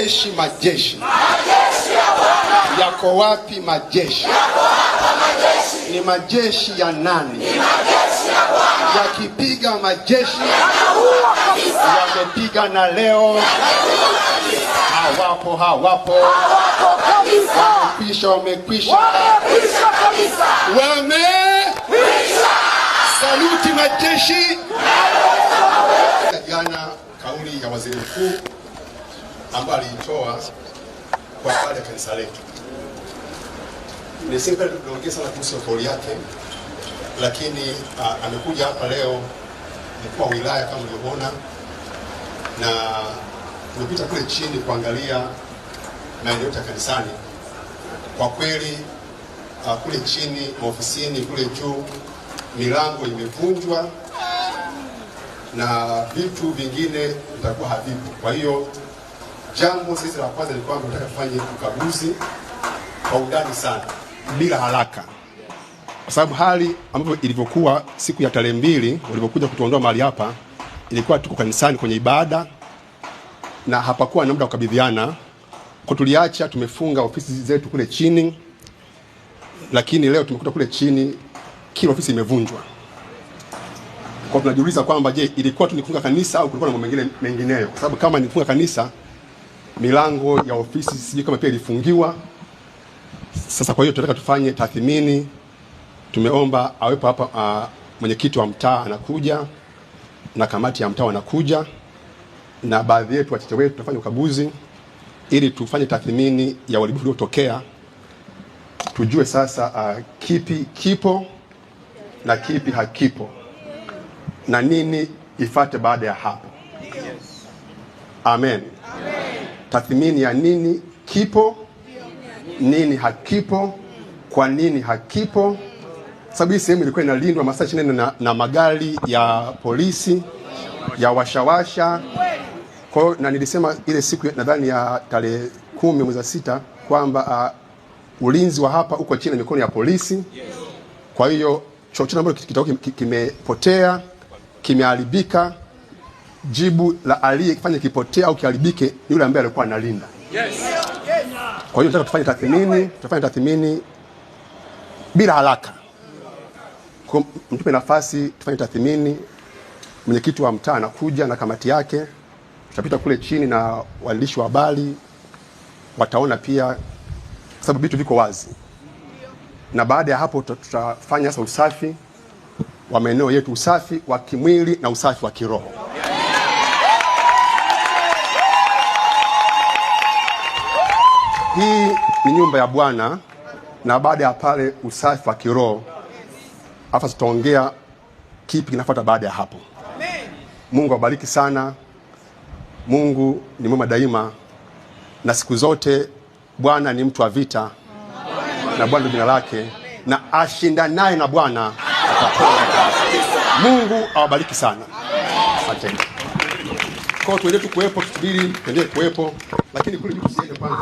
majeshi majeshi, majeshi ya Bwana yako wapi? Majeshi yako hapa, majeshi ni majeshi ya nani? Ni majeshi ya Bwana yakipiga majeshi yamepiga na leo hawapo, hawapo, kabisa, wamekwisha, wamekwisha, wamekwisha kabisa, wamekwisha. Saluti majeshi. Jana kauli ya waziri mkuu ambayo aliitoa kwa habari kanisa letu. Nisipenda kuongea sana kuhusu kauli yake, lakini uh, amekuja hapa leo mkuu wa wilaya kama ulivyoona, na tumepita kule chini kuangalia maeneo yote ya kanisani. Kwa kweli uh, kule chini maofisini, kule juu milango imevunjwa na vitu vingine vitakuwa havipo, kwa hiyo Jambo sisi la kwanza lilikuwa tunataka tufanye ukaguzi kwa undani sana bila haraka, kwa sababu hali ambayo ilivyokuwa siku ya tarehe mbili walivyokuja kutuondoa mahali hapa, ilikuwa tuko kanisani kwenye ibada na hapakuwa na muda wa kukabidhiana, kwa tuliacha tumefunga ofisi zetu kule chini, lakini leo tumekuta kule chini kila ofisi imevunjwa. Kwa tunajiuliza kwamba je, ilikuwa tu tunifunga kanisa au kulikuwa na mambo mengine mengineyo? Kwa sababu kama nifunga kanisa milango ya ofisi sijui kama pia ilifungiwa. Sasa kwa hiyo tunataka tufanye tathmini. Tumeomba awepo hapa uh, mwenyekiti wa mtaa anakuja na kamati ya mtaa wanakuja na baadhi yetu wachache wetu tunafanya ukaguzi ili tufanye tathmini ya uharibifu uliotokea, tujue sasa uh, kipi kipo na kipi hakipo na nini ifate baada ya hapo. Amen tathmini ya nini kipo, nini hakipo, kwa nini hakipo, sababu hii sehemu ilikuwa inalindwa masaa ishirini na, na magari ya polisi ya washawasha. Kwa hiyo na nilisema ile siku nadhani ya tarehe kumi mwezi wa sita kwamba uh, ulinzi wa hapa uko chini ya mikono ya polisi. Kwa hiyo chochote ambacho kitakuwa kimepotea kimeharibika jibu la aliyefanya kipotea au kiharibike ni yule ambaye alikuwa analinda. Yes. Kwa hiyo nataka tufanye tathmini, tufanye tathmini bila haraka. Kwa mtupe nafasi tufanye tathmini. Mwenyekiti wa mtaa anakuja na kamati yake, tutapita kule chini na waandishi wa habari wataona pia, sababu vitu viko wazi, na baada ya hapo tutafanya sasa usafi wa maeneo yetu, usafi wa kimwili na usafi wa kiroho. Hii ni nyumba ya Bwana, na baada ya pale usafi wa kiroho hapa, tutaongea kipi kinafuata baada ya hapo. Mungu awabariki sana. Mungu ni mwema daima na siku zote. Bwana ni mtu wa vita na Bwana ndio jina lake, na ashindanaye na Bwana Mungu awabariki sana, asanteni. Kwa tuendelee kuwepo, tusubiri, tuendelee kuwepo, lakini kule tusiende kwanza.